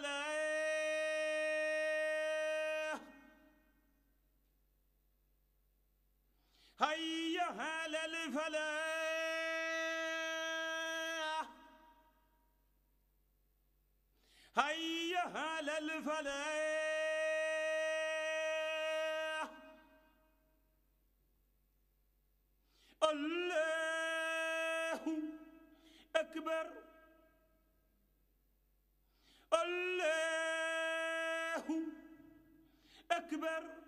هلا هيا هلا الفلاح هيا هلا الفلاح الله أكبر أكبر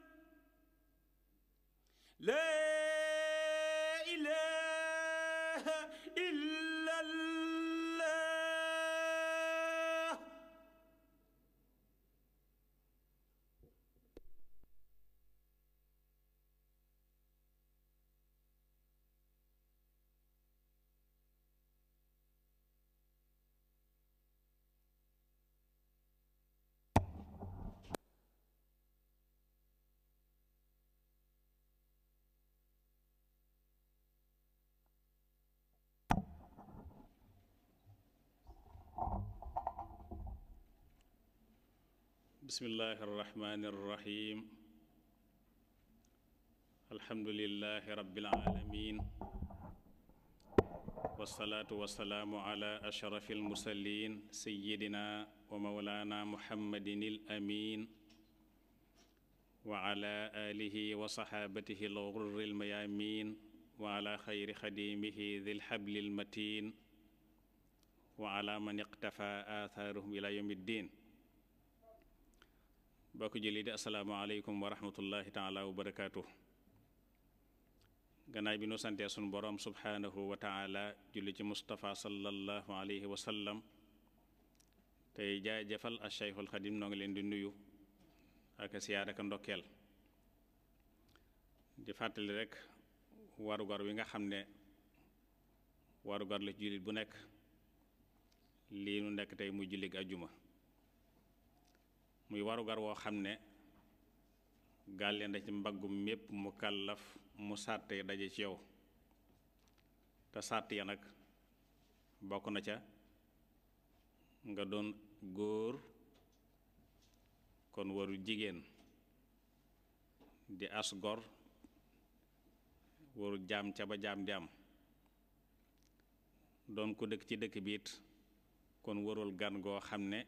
bismillahi arrahmani arrahim alhamdulilahi rabilalamin wasalaatu wasalaamu ala ashrafi almusalin sayidina wa maulana muhammadin il amin wa ala alihi wa saxaabatihi alxurri almayamin wa ala xayri xadimihi di lxabli almatin wa ala man iqtafa athaaruhum ila yawmi ddin boo ko jëlee di asalaamaaleykum wa rahmatullahi taala wa barakaatu. gannaaw bi nu santee sunu borom subhaanahu wa taala julli ci Moustapha sallallahu alayhi wa sallam tey jaajëfal a Cheikhul Xadim noo leen di nuyu ak siyaar ak ndokkeel di fàttali rekk warugar wi nga xam ne warugar la ci jullit bu nekk lii nu nekk tey muy jullig ajjuma muy warugar woo xam ne gàlle na ci mbaggum mépp mu kàllaf mu sàtte daje ci yow te sàtt ya nag bokk na ca nga doon góor kon waru jigéen di as gor waru jaam ca ba jaam di doon ko dëkk ci dëkk biit kon warul gan goo xam ne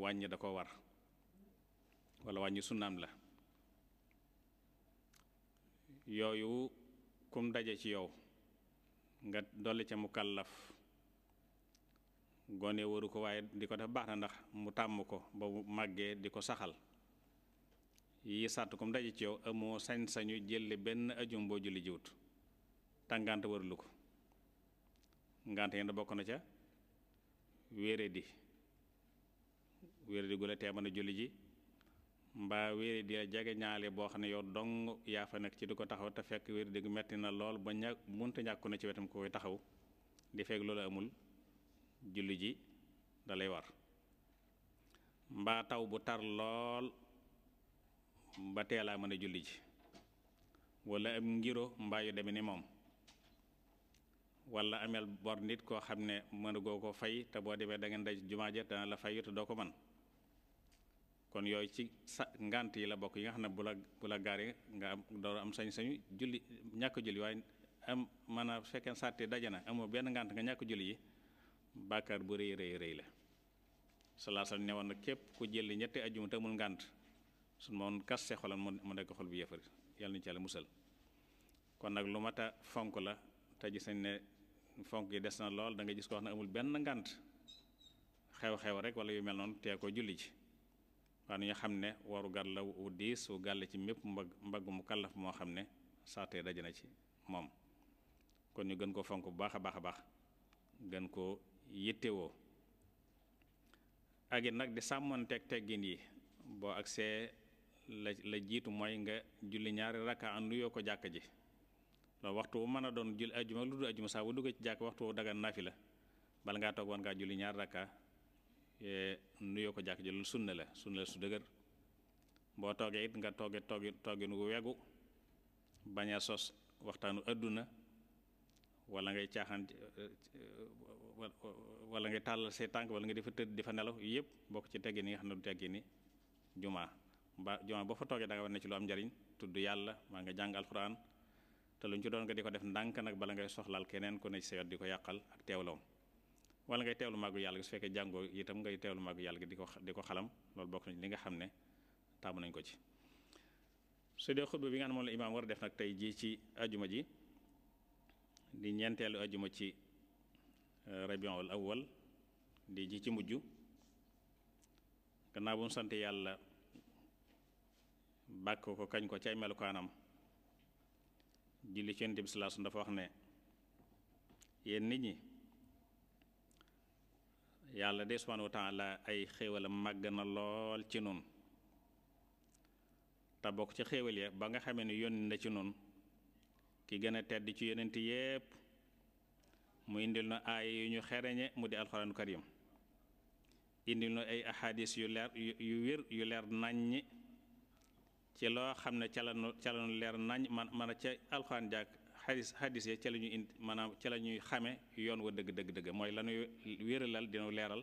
wàññi da ko war wala wàññi sunnaam la yooyu kum daje ci yow nga dolli ca mu kàllaf gone waru ko waaye di ko def baax na ndax mu tàmm ko ba mu màggee di ko saxal yi sàtt kum daje ci yow amoo sañ-sañu jëlle benn ajum boo julli jiwut tàngante warulu ko ngante yéen bokk na ca wéere di wéere di gu la tee julli ji mbaa wéeri di la jege ñaale boo xam ne yow dong yaa fa nekk ci du ko taxaw te fekk wéeri di metti na lool ba ña munta ñàkku na ci wetam ko koy taxaw di fekk loolu amul julli ji dalay war mbaa taw bu tar lool ba teelaa mën a julli ji walla am ngiro mbaa yu deme ni moom wala ameel bor nit koo xam ne mënugoo ko fay te boo demee da ngeen daj jumaa ja dana la fay te doo ko man kon yooyu ci sa ngant yi la bokk yi nga xam ne bu la bu la nga am door am sañ-sañu julli ñàkk julli waaye am maanaam fekkee sàtte daje na amoo benn ngant nga ñàkk julli yi bàkkaar bu rëy rëy rëy la salaasal ne woon na képp ku jëli ñetti ajjuma te amul ngant su moom kas se xolam mu nekk xol bu yëfari yàlla nañu ci yàlla musal kon nag lu mat a fonk la te gis nañ ne fonk yi des na lool da nga gis ko wax ne amul benn ngant xew-xew rek wala yu mel noonu tee ko julli ji waaye ñu xam ne waru gar la wu diis wu gàll ci mépp mbag mbagg mu kàllaf moo xam ne saatee daje na ci moom kon ñu gën ko fonk bu baax a baax a baax gën koo yittewoo ak nag di teg teggin yi boo agsee la la jiitu mooy nga julli ñaari rakka an nuyoo ko jàkk ji loolu waxtu wu mën a doon julli ajuma lu dul ajuma saa bu duggee ci jàkk waxtu wu dagan nafi la bala ngaa toog woon ngaa julli ñaari rakka nuyoo ko jàkk ji loolu sunna la sunna la su dëgër boo toogee it nga tooge tooge toogin wu wegu bañ a sos waxtaanu àdduna wala ngay caaxaan wala ngay tàllal say tànk wala nga di fa tëdd di fa nelaw yëpp bokk ci teggin ni nga xam ne du teggin ni jumaa ba jumaa boo fa toogee danga nga war ne ci lu am njariñ tudd yàlla maa nga jàng alxuraan te luñ ci doon nga di ko def ndànk nag bala ngay soxlaal keneen ku ne ci di ko yàqal ak teewloom wala ngay teewlu màggu yàlla gi su fekkee jàngoo itam ngay teewlu màggu yàlla gi di ko di ko xalam loolu bokk nañ li nga xam ne taamu nañ ko ci su dee xutba bi nga xam moom la imaam war a def nag tey jii ci ajuma ji di ñeenteelu ajuma ci euh, rabiul awwal di ji ci mujj gannaaw bu mu sant yàlla bàkk ko kañ ko ci ay melukaanam julli ci yonent bi sallallahu alayhi wasallam dafa wax ne yéen nit ñi yàlla de subhanahu wa ay xéewalam màgg na lool ci noonu te bokk ci xéewal ya ba nga xamee ni yónni na ci noonu ki gën a tedd ci yonent yépp mu indil na ay yu ñu xereñe mu di alxuraanu karim indil na ay ahadis yu leer yu wér yu leer naññ ci loo xam ne calanu leer nañ man man a ca alxuraan jàkk xadis xadis ca la ñuy indi maanaam ca la ñuy xame yoon wa dëgg dëgg dëgg mooy lañuy wéralal dinu leeral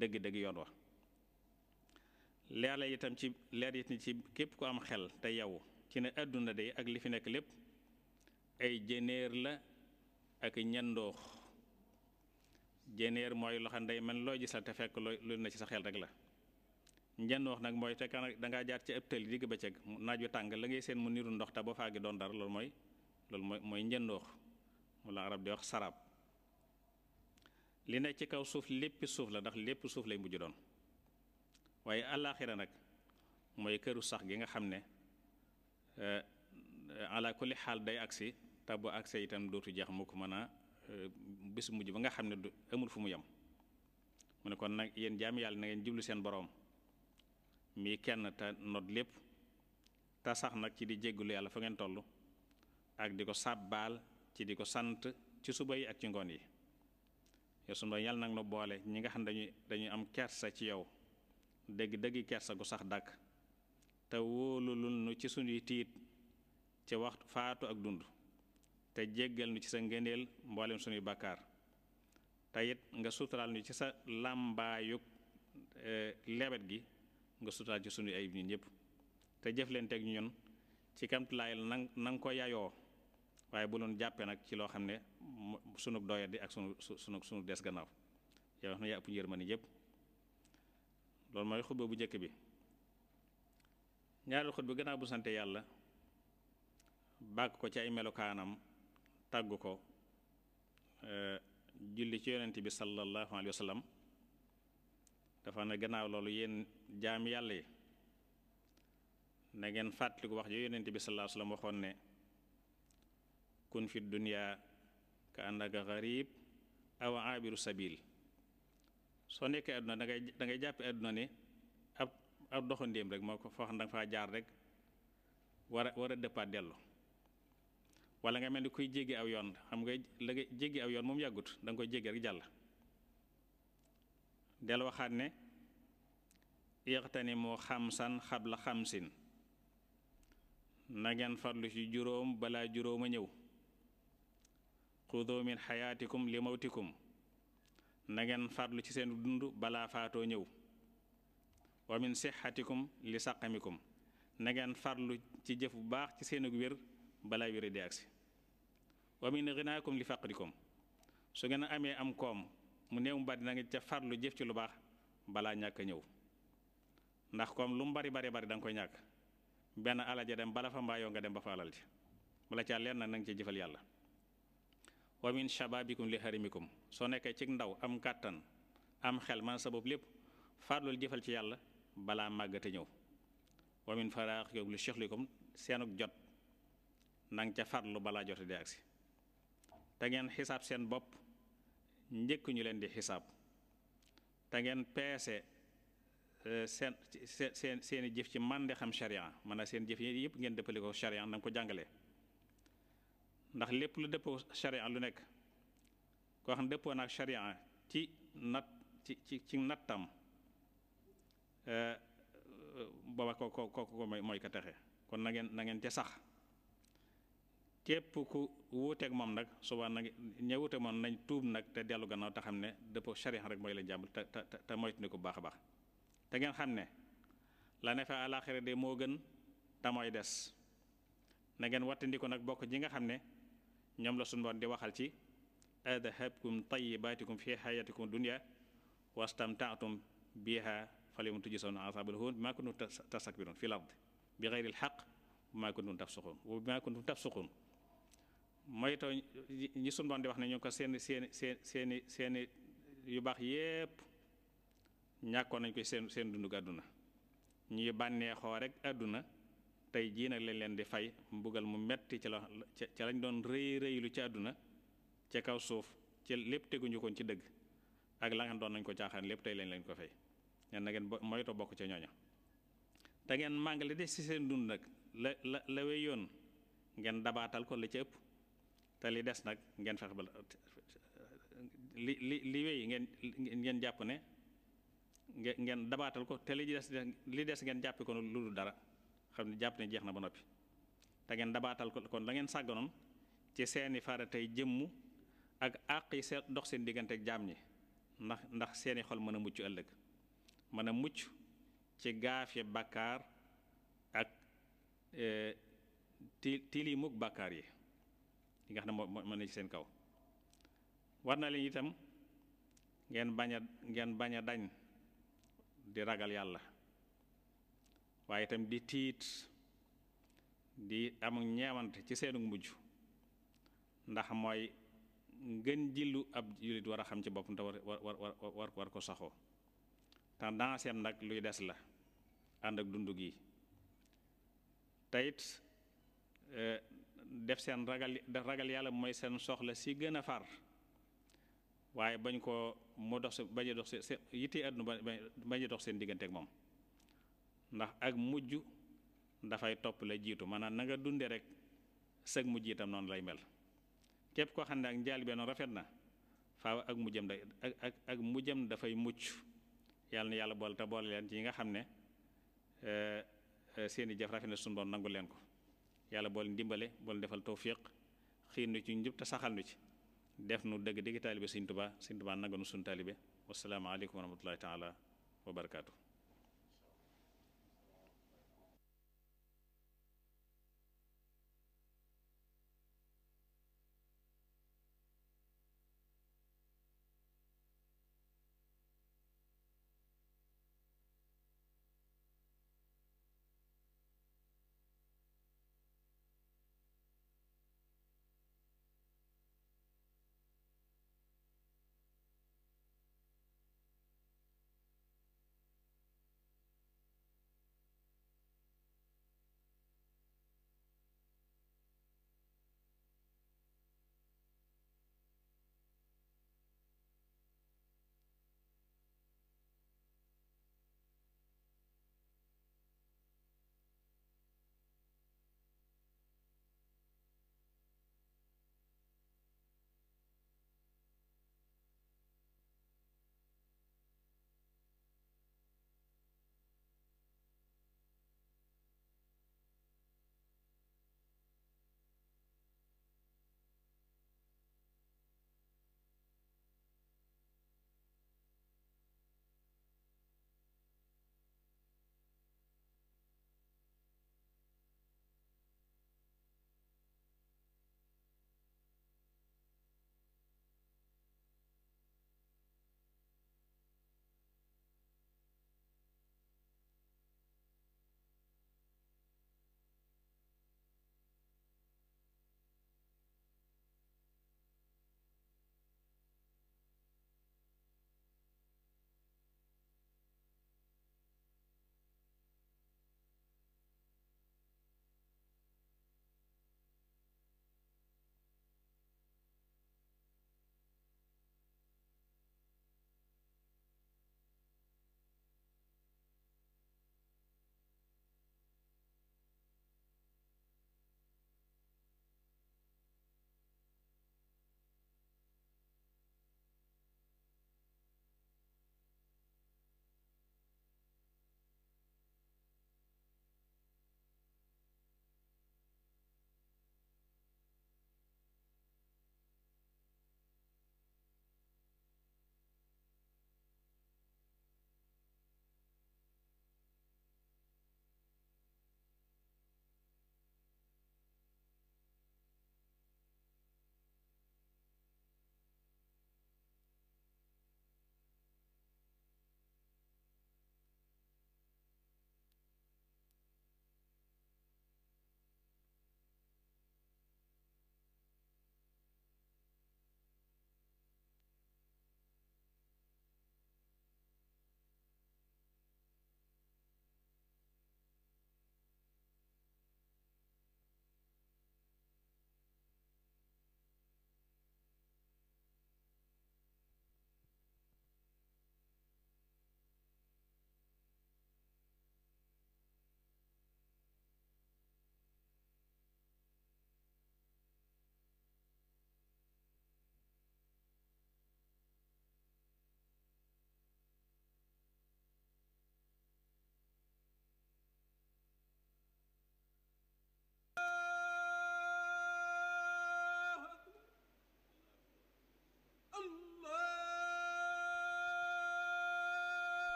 dëgg yoon wa leer la itam ci leer itam ci képp ku am xel te yow ci ne àdduna day ak li fi nekk lépp ay jëneer la ak ñandoox jëneer mooy loxo ndey man loo ji la te fekk looy lu na ci sa xel rek la njandoox nag mooy te kan dangaa jaar ci ëpp tëli digg bëccëg naaj wi tàng la ngay seen mu niru ndox te boo faagi doon dara loolu mooy loolu mooy mooy njëndoox mu la arab di wax sarab li nekk ci kaw suuf lépp suuf la ndax lépp suuf lay mujj doon waaye àllaaxira nag mooy këru sax gi nga xam ne euh, ala kulli xaal day agsi te bu agsee itam dootu jeex mukk mën a euh, bis mujj ba nga xam ne du amul fu mu yem mu ne kon nag yéen jaami yàlla na ngeen jublu seen borom mii kenn te not lépp te sax nag ci di jéggulu yàlla fa ngeen toll ak di ko sàbbaal ci di ko sant ci suba yi ak ci ngoon yi yow sunu ba yàlla nag nu boole ñi nga xam dañuy dañuy am kersa ci yow dégg déggi kersa gu sax dàkk te wóolulul nu ci sunuy tiit ci waxtu faatu ak dund te jéggal nu ci sa ngëneel mboolem sunuy bàkkaar te it nga suturaal nu ci sa làmbaayug e, lebet gi nga suturaal ci sunuy ayib ñun ñëpp te jëflanteeg ñun ci kamtulaayal nan na nga ko yayoo waaye bu loon jàppee nag ci loo xam ne sunu doya di ak sunu sunu sunu des gannaaw yow xam ne yaa ëpp bu njëkk bi ñaareel xutba gannaaw bu sante yàlla bàkk ko ci ay melokaanam tàgg ko eh, julli ci yonent bi sallallahu alayhi wa sallam dafa ne gannaaw loolu yéen jaam yàlla yi na ngeen fàttaliku wax ji yonent bi sallallahu alayhi wa sallam waxoon ne kun fi dunya ka annaka garib aw abiru sabil soo nekkee àdduna dangay dangay jàppe àdduna ne ab ab doxandéem rek moo ko foo xam danga jaar rek war a war dëppaat dellu wala nga mel ni kuy jéggi aw yoon xam nga jéggi aw yoon moom yàggut danga koy jéggi rek jàll del waxaat ne iqtani moo xamsan xabla xamsin na ngeen farlu ci juróom balaa juróom a ñëw xudu min xayaatikum li mawtikum na ngeen farlu ci seen dund balaa faatoo ñëw wa min sixatikum li saqamikum nangeen ngeen farlu ci jëf bu baax ci seenug wér balaa wér di agsi wa min rinaakum li faqrikum su ngeen amee am koom mu néew mu bari na ngeen ca farlu jëf ci lu baax balaa ñàkk ñëw ndax koom lu mu bari bari bari da koy ñàkk benn alal ja dem bala fa mbaayoo nga dem ba fa alal ja bala caa leen nag na nga ci jëfal yàlla wa min shababikum li harimikum soo nekkee ci ndaw am kàttan am xel man sa bopp lépp farlul jëfal ci yàlla balaa màggate ñëw wa min faraaqikum li shughlikum seenuk jot nang ca farlu balaa jote di agsi te ngeen xisaab seen bopp njëkk ñu leen di xisaab te ngeen peese e, seen seen seen jëf ci man mànde xam sharia man a seen jëf yi yëpp ngeen dëppale ko sharia na nga ko jàngale ndax lépp lu dëppoo sharia lu nekk koo xam ne dëppoo ak sharia ci nat ci ci ci nattam eh, booba ko ko ko mooy ka texe kon na nangeen ca sax képp ku wuuteeg moom nag suba nag ña wuute moom nañ tuub nag te dellu gannaaw te xam ne dëppoo sharia rek mooy leen jàmbal te te te baax a baax te ngeen xam ne la ne fa àlaxira de moo gën tamooy des na ngeen wattandiku nag bokk ji nga xam ne ñoom la suñu borom di waxal ci adhabtum tayyibatikum fi hayatikum dunya wastamta'tum biha falyawma tujzawna azabal hun bima kuntum tastakbirun fil ard bi ghayril haqq bima kuntum tafsuqun wa bima kuntum tafsuqun moytoo ñi suñu borom di wax ne ñu ko seen seen seen seeni seeni yu baax yépp ñàkkoon nañ koy seen seen dundu àdduna ñuy bànneexoo rek àdduna tey jii nag lañ leen di fay mbugal mu metti ca la ca lañ doon rëy rëylu ci àdduna ca kaw suuf ci lépp teguñu koon ci dëgg ak la nga doon nañ ko caaxaan lépp tey lañ leen ko fay nen na ngeen moytu bokk ca ñooña te ngeen màngale des ci seen dund nag la la la yoon ngeen dabaatal ko la ca ëpp te li des nag ngeen fex ba li li li wéy ngeen ngeen jàpp ne ngeen dabaatal ko te li des li des ngeen jàppi ko lu dul dara xam ne jàpp ne jeex na ba noppi da ngeen dabaatal ko kon la ngeen sàgganoon ci seeni faratay jëmm ak àq yi seen dox seen diggante ak jaam ñi ndax ndax seeni xol mën a mucc ëllëg mën a mucc ci gaafe bàkkaar ak e, ti tilimuk bàkkaar yi li nga xam ne moo mën na ci seen kaw war na leen itam ngeen bañ a ngeen bañ a dañ di ragal yàlla waaye itam di tiit di am ñeewante ci seenu mujj ndax mooy ngën jillu ab jullit war a xam ci boppam te war war war ko saxoo tendance am nag luy des la ànd ak dund gi teyit e, def seen ragal ragal yàlla mooy seen soxla si gën a far waaye bañ ko mu dox si bañ a dox si yittee àdduna bañ a dox seen diggante ak moom ndax ak mujj dafay topp la jiitu maanaam na nga dunde rek sëg mujj yitam noonu lay mel képp koo xam ne ak njaal benn rafet na faaw ak mujjam day ak mujjam dafay mucc yàlla na yàlla bool te bool leen ci yi nga xam ne eh, eh, seeni jëf rafet na suñu borom nangu leen ko yàlla bool ndimbale bool defal tawfiq xiir nu ci njub te saxal nu ci def nu dëgg dëgg taalibe Sëñ Tuubaa Sëñ Tuubaa nangu nu suñu taalibe wassalaamu aleykum wa rahmatullahi taala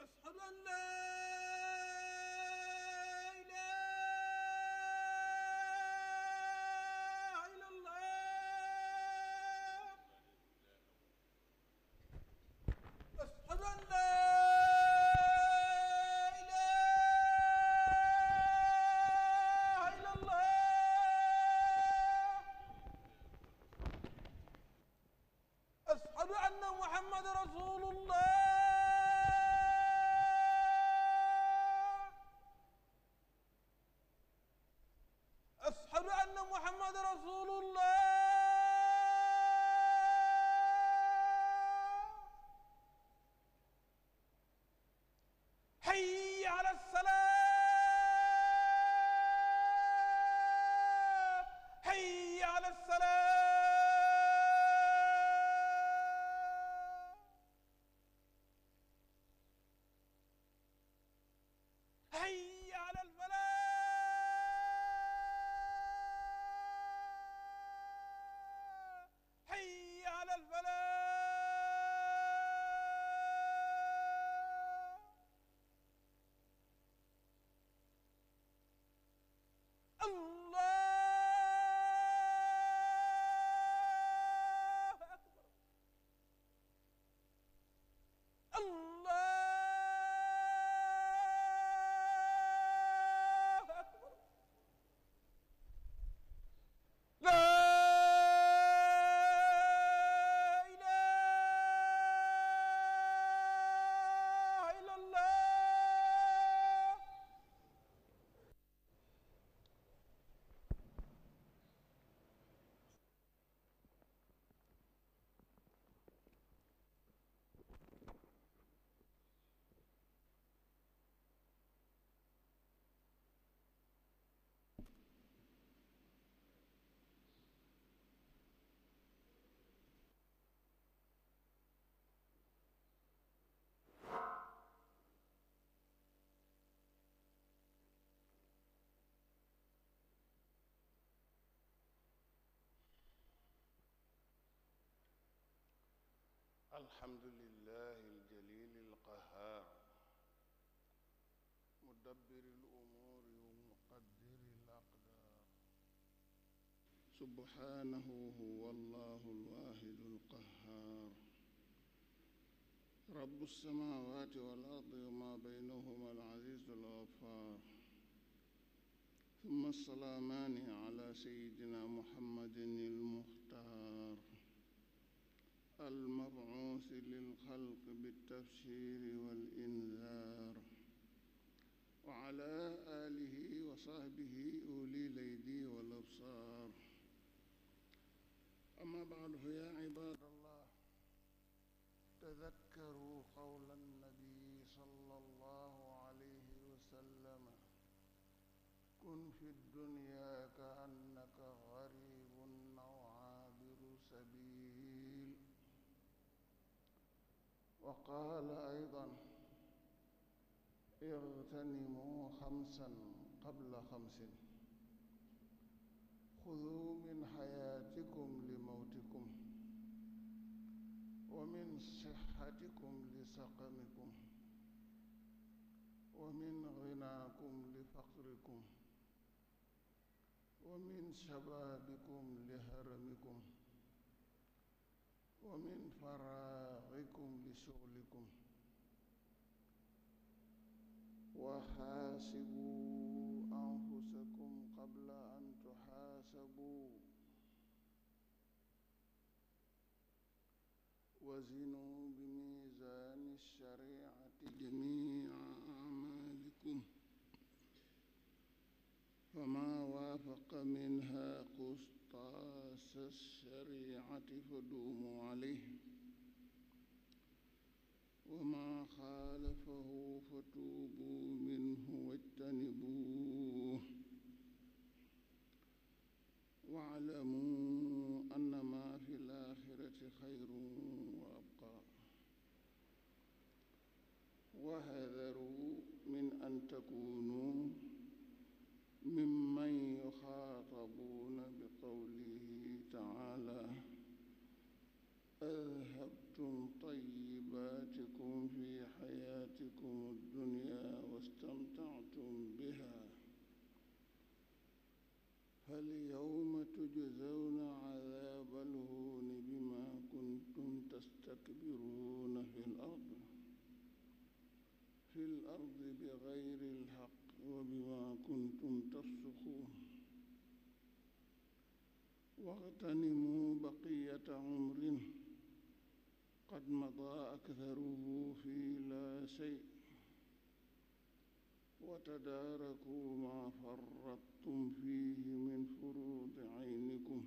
أشهد أن لا السلام الحمد لله الجليل القهار مدبر الأمور ومقدر الأقدار سبحانه هو الله الواحد القهار رب السماوات والأرض وما بينهما العزيز الغفار ثم السلامان على سيدنا محمد المختار المبعوث للخلق بالتبشير والإنذار وعلى آله وصحبه أولي الأيدي والأبصار أما بعد فيا عباد الله تذكروا قول النبي صلى الله عليه وسلم كن في الدنيا وقال أيضا اغتنموا خمسا قبل خمس خذوا من حياتكم لموتكم ومن صحتكم لسقمكم ومن غناكم لفقركم ومن شبابكم لهرمكم ومن فراغ شغلكم وحاسبوا أنفسكم قبل أن تحاسبوا وزنوا بميزان الشريعة جميع أعمالكم فما وافق منها قسطاس الشريعة فدوموا عليه وما خالفه فتوبوا منه واجتنبوه واعلموا أن ما في الآخرة خير وأبقى وحذروا من أن تكونوا ممن يخاطبون بقوله تعالى أذهبتم فاليوم تجزون عذاب الهون بما كنتم تستكبرون في الأرض في الأرض بغير الحق وبما كنتم تفسقون واغتنموا بقية عمر قد مضى أكثره في لا شيء وتداركوا ما فرط لكم فيه من فروض عينكم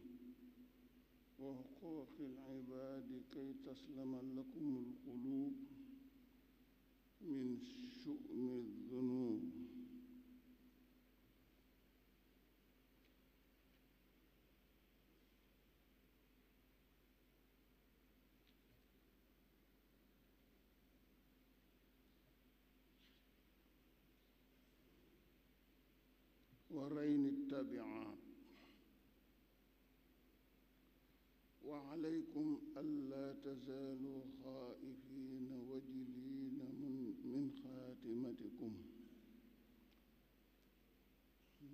وحقوق العباد كي تسلم لكم القلوب من شؤم الذنوب القرين التابعات وعليكم ألا تزالوا خائفين وجلين من, من خاتمتكم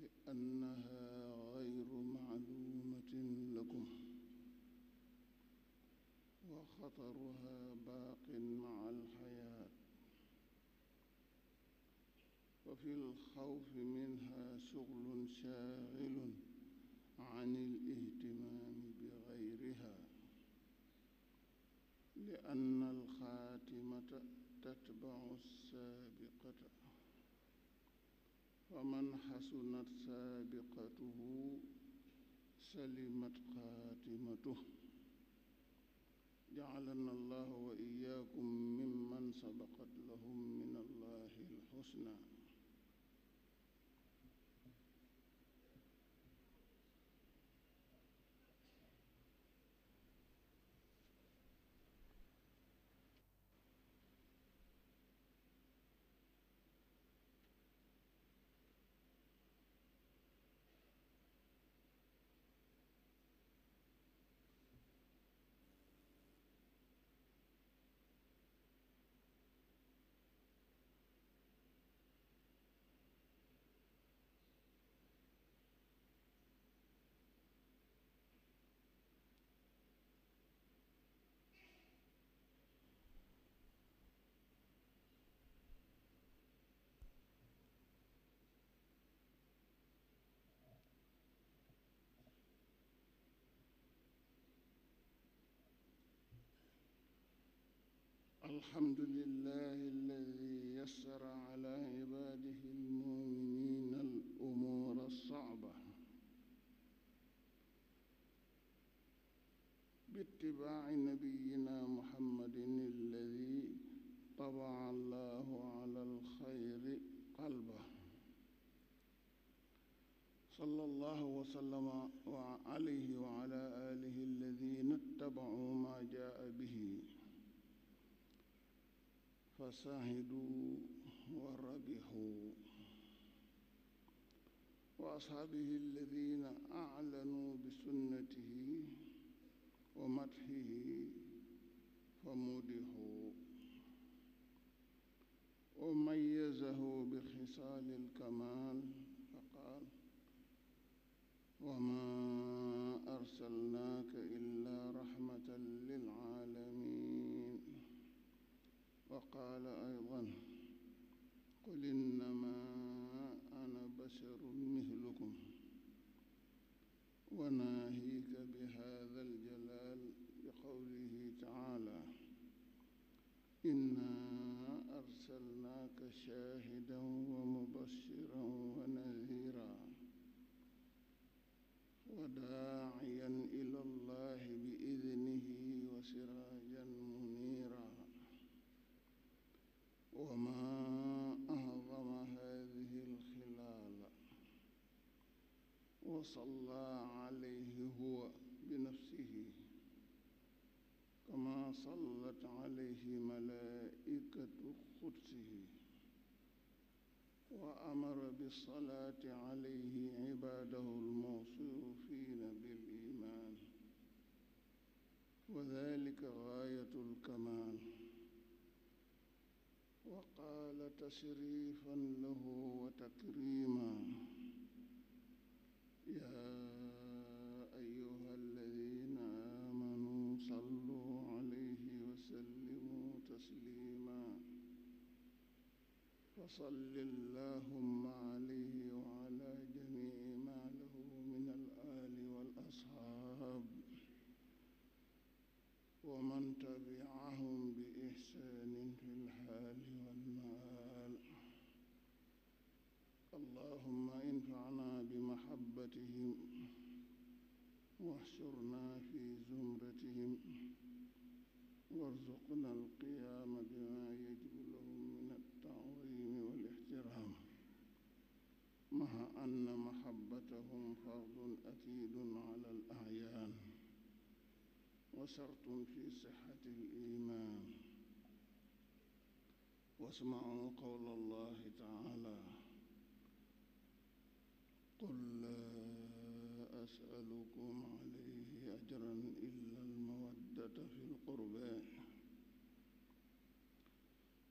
لأنها غير معلومة لكم وخطرها في الخوف منها شغل شاغل عن الاهتمام بغيرها لأن الخاتمة تتبع السابقة ومن حسنت سابقته سلمت خاتمته جعلنا الله وإياكم ممن سبقت لهم من الله الحسنى الحمد لله الذي يسر على عباده المؤمنين الأمور الصعبة باتباع نبينا محمد الذي طبع الله على الخير قلبه صلى الله وسلم عليه وعلى آله الذين اتبعوا ما جاء به فسعدوا وربحوا وأصحابه الذين أعلنوا بسنته ومدحه فمدحوا وميزه بخصال الكمال فقال وما أرسلناك إلا تشريفا له وتكريما يا أيها الذين آمنوا صلوا عليه وسلموا تسليما فصل شرط في صحة الإيمان واسمعوا قول الله تعالى قل لا أسألكم عليه أجرا إلا المودة في القربى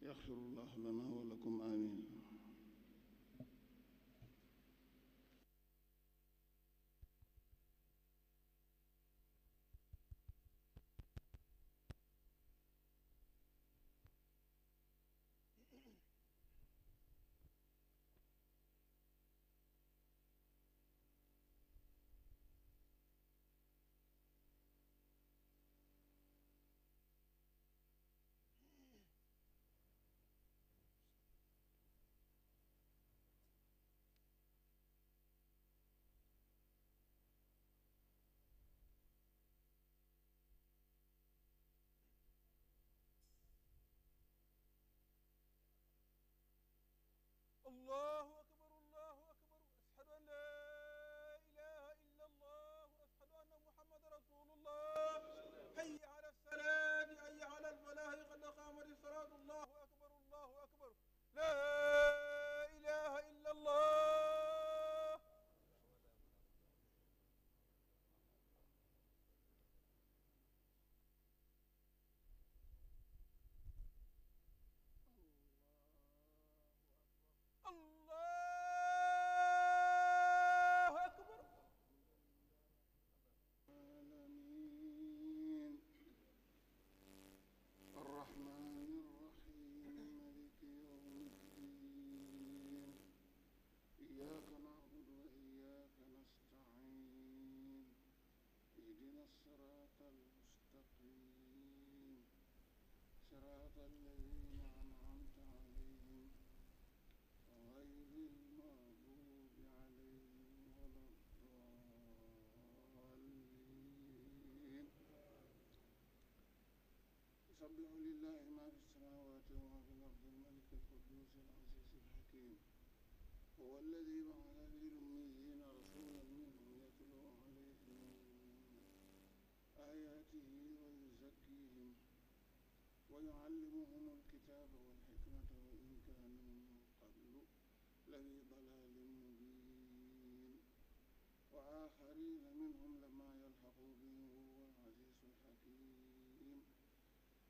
يغفر الله لنا ولكم آمين القدوس العزيز الحكيم هو الذي بعث في الأميين رسولا منهم يتلو عليهم آياته ويزكيهم ويعلمهم الكتاب والحكمة وإن كانوا من قبل لفي ضلال مبين وآخرين منهم لما يلحقوا بهم وهو العزيز الحكيم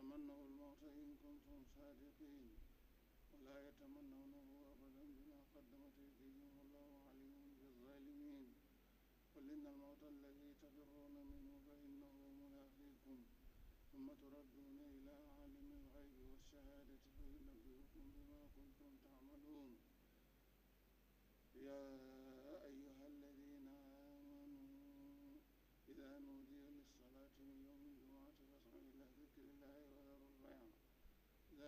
يتمنوا الموت إن كنتم صادقين ولا يتمنونه أبدا بما قدمت أيديهم والله عليم بالظالمين قل إن الموت الذي تفرون منه فإنه ملاقيكم ثم تردون إلى عالم الغيب والشهادة فينبئكم بما كنتم تعملون يا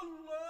Allah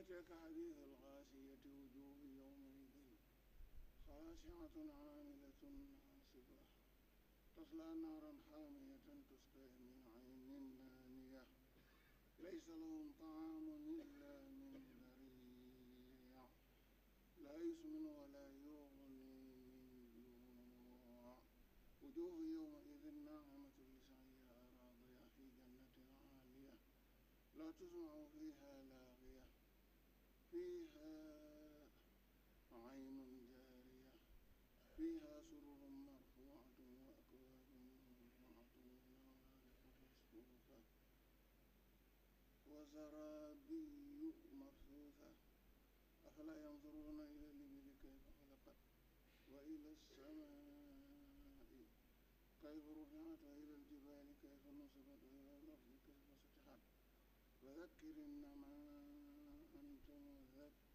أخرجك حديث الغاشية وجوه يومئذ خاشعة عاملة ناصبة تصلى نارا حامية تسقى من عين آنية ليس لهم طعام إلا من ذريع لا يسمن ولا يغني من جوع وجوه يومئذ ناعمة لسعيها راضية في جنة عالية لا تسمع فيها لاغية فيها عين جارية فيها سرر مرفوعة وأكواب مرفوعة ومعارف مسفوفة وزرابي مبثوثة أفلا ينظرون إلى الإبل كيف خلقت وإلى السماء كيف رفعت وإلى الجبال كيف نصبت وإلى الأرض كيف سطحت وذكر إنما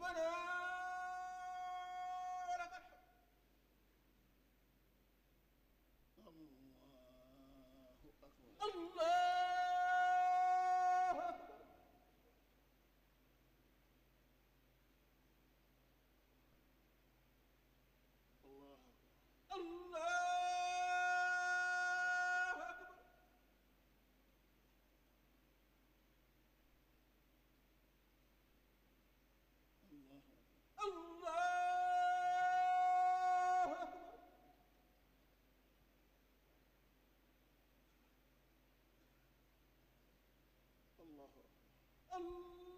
ربنا الله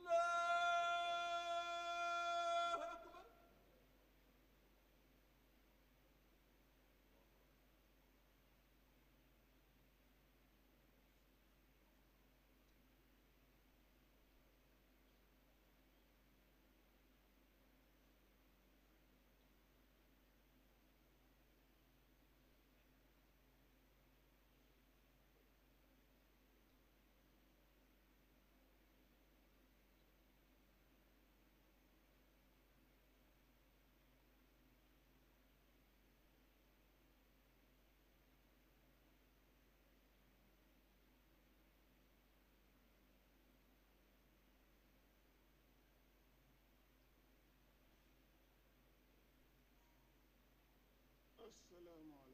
asalaamaaleykum